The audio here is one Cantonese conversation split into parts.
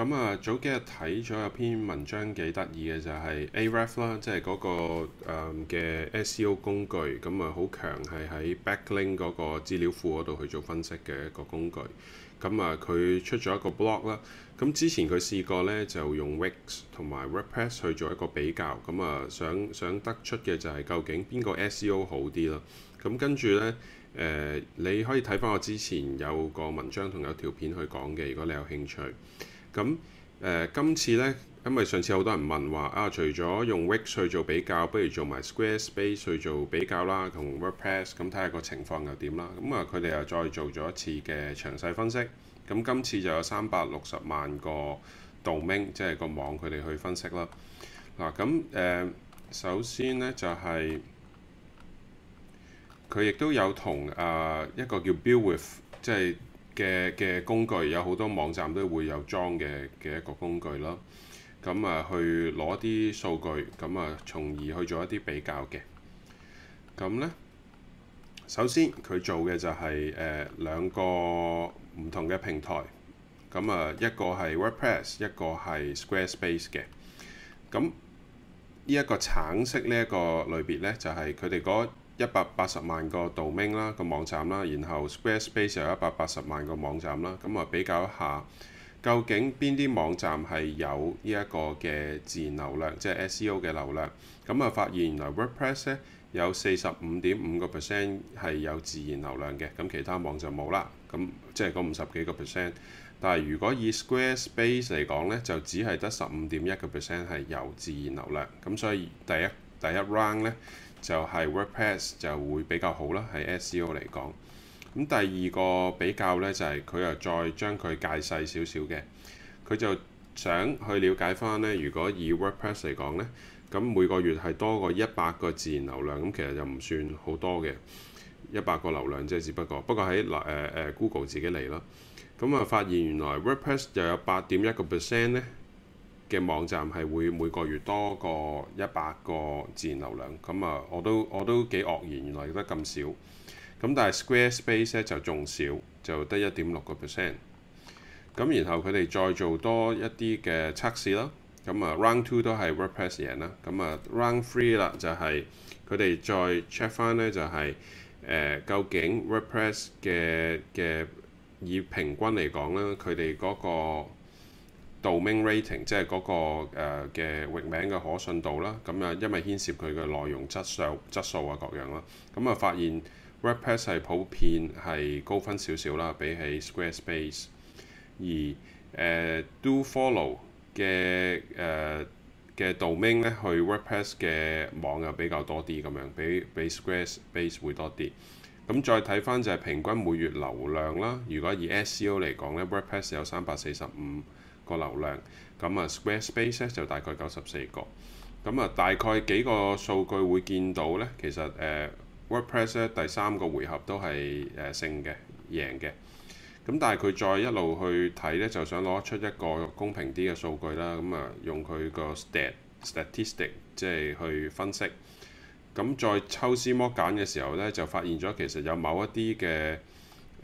咁啊，早幾日睇咗有篇文章幾得意嘅就係、是、Aref 啦、那個，即、嗯、係嗰個嘅 SEO 工具咁啊，好強係喺 Backlink 嗰個資料庫嗰度去做分析嘅一個工具。咁啊，佢出咗一個 blog 啦。咁之前佢試過咧，就用 Wix 同埋 WordPress 去做一個比較。咁啊，想想得出嘅就係究竟邊個 SEO 好啲啦。咁跟住咧，誒、呃、你可以睇翻我之前有個文章同有條片去講嘅，如果你有興趣。咁誒，今次咧，因為上次好多人問話啊，除咗用 Wix 去做比較，不如做埋 Squarespace 去做比較啦，同 WordPress，咁睇下個情況又點啦。咁啊，佢哋又再做咗一次嘅詳細分析。咁今次就有三百六十萬個 domain，即係個網，佢哋去分析啦。嗱，咁誒，首先咧就係佢亦都有同啊一個叫 Build With，即係。嘅嘅工具，有好多網站都會有裝嘅嘅一個工具咯，咁啊去攞啲數據，咁啊從而去做一啲比較嘅。咁呢，首先佢做嘅就係誒兩個唔同嘅平台，咁啊一個係 WordPress，一個係 Squarespace 嘅。咁呢一個橙色呢一個類別呢，就係佢哋嗰一百八十萬個 domain 啦，個網站啦，然後 Squarespace 又有一百八十萬個網站啦，咁啊比較一下，究竟邊啲網站係有呢一個嘅自然流量，即係 S E O 嘅流量，咁啊發現原來 WordPress 咧有四十五點五個 percent 係有自然流量嘅，咁其他網就冇啦，咁即係嗰五十幾個 percent。但係如果以 Squarespace 嚟講咧，就只係得十五點一個 percent 係有自然流量，咁所以第一第一 round 咧。就係 WordPress 就會比較好啦，喺 SEO 嚟講。咁第二個比較呢，就係、是、佢又再將佢介細少少嘅，佢就想去了解翻呢。如果以 WordPress 嚟講呢，咁每個月係多過一百個自然流量，咁其實就唔算好多嘅，一百個流量即係只不過。不過喺嗱、呃呃、Google 自己嚟咯，咁啊發現原來 WordPress 就有八點一個 percent 呢。嘅網站係會每個月多過一百個自然流量，咁啊，我都我都幾愕然，原來得咁少，咁但係 Squarespace 咧就仲少，就得一點六個 percent，咁然後佢哋再做多一啲嘅測試啦，咁啊 round two 都係 WordPress 贏啦，咁啊 round three 啦就係佢哋再 check 返咧，就係誒究竟 WordPress 嘅嘅以平均嚟講啦，佢哋嗰個。Domain rating 即係嗰個嘅、呃、域名嘅可信度啦，咁、嗯、啊，因為牽涉佢嘅內容質素質素啊各樣啦，咁、嗯、啊、嗯，發現 WordPress 係普遍係高分少少啦，比起 Squarespace。而、呃、do follow 嘅誒嘅、呃、domain 咧，去 WordPress 嘅網又比較多啲咁樣，比比 Squarespace 會多啲。咁、嗯、再睇返就係平均每月流量啦。如果以 SEO 嚟講咧，WordPress 有三百四十五。個流量咁啊，Squarespace 咧就大概九十四個，咁啊大概幾個數據會見到咧？其實誒、呃、WordPress 咧第三個回合都係誒、呃、勝嘅贏嘅，咁但係佢再一路去睇咧，就想攞出一個公平啲嘅數據啦。咁啊，用佢個 stat、statistic 即係去分析，咁再抽絲剝繭嘅時候咧，就發現咗其實有某一啲嘅誒、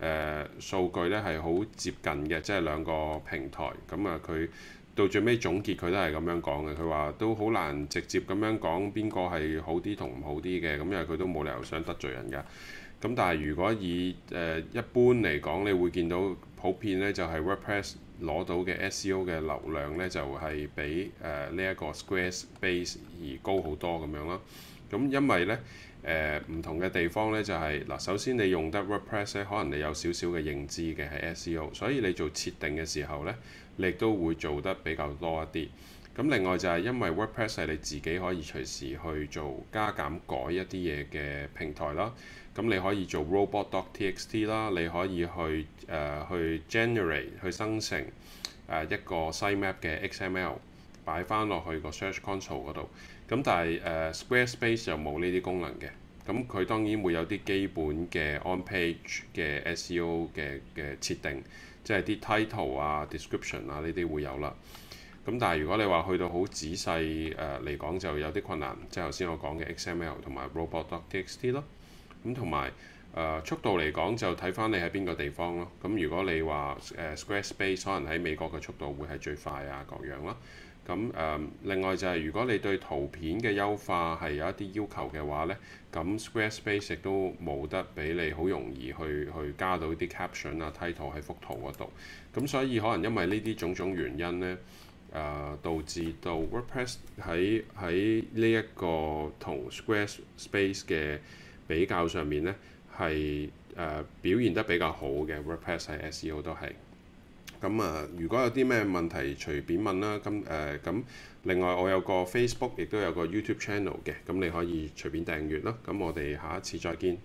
呃數據咧係好接近嘅，即係兩個平台咁啊，佢、嗯、到最尾總結佢都係咁樣講嘅，佢話都好難直接咁樣講邊個係好啲同唔好啲嘅，咁因為佢都冇理由想得罪人㗎。咁、嗯、但係如果以誒、呃、一般嚟講，你會見到普遍咧就係、是、WordPress 攞到嘅 SEO 嘅流量咧就係、是、比誒呢一個 Squarespace 而高好多咁樣咯。咁因為咧，誒、呃、唔同嘅地方咧就係、是、嗱，首先你用得 WordPress 咧，可能你有少少嘅認知嘅喺 SEO，所以你做設定嘅時候咧，你亦都會做得比較多一啲。咁另外就係因為 WordPress 係你自己可以隨時去做加減改一啲嘢嘅平台啦，咁你可以做 robots.txt 啦，你可以去誒、呃、去 generate 去生成誒一個 site map 嘅 XML 擺翻落去個 Search Console 度。咁但係誒、uh, Squarespace 就冇呢啲功能嘅，咁佢當然會有啲基本嘅 on page 嘅 SEO 嘅嘅設定，即係啲 title 啊、description 啊呢啲會有啦。咁但係如果你話去到好仔細誒嚟、uh, 講，就有啲困難，即係頭先我講嘅 XML 同埋 robots.txt 咯。咁同埋誒速度嚟講，就睇翻你喺邊個地方咯。咁如果你話誒、uh, Squarespace 可能喺美國嘅速度會係最快啊各樣啦。咁誒、嗯、另外就係、是、如果你對圖片嘅優化係有一啲要求嘅話咧，咁 Squarespace 亦都冇得俾你好容易去去加到啲 caption 啊、title 喺幅圖嗰度。咁所以可能因為呢啲種種原因咧，誒、呃、導致到 WordPress 喺喺呢一個同 Squarespace 嘅比較上面咧，係誒、呃、表現得比較好嘅。WordPress 喺 SEO 都係。咁啊，如果有啲咩問題，隨便問啦。咁誒，咁、呃、另外我有個 Facebook，亦都有個 YouTube channel 嘅，咁你可以隨便訂閱啦。咁我哋下一次再見。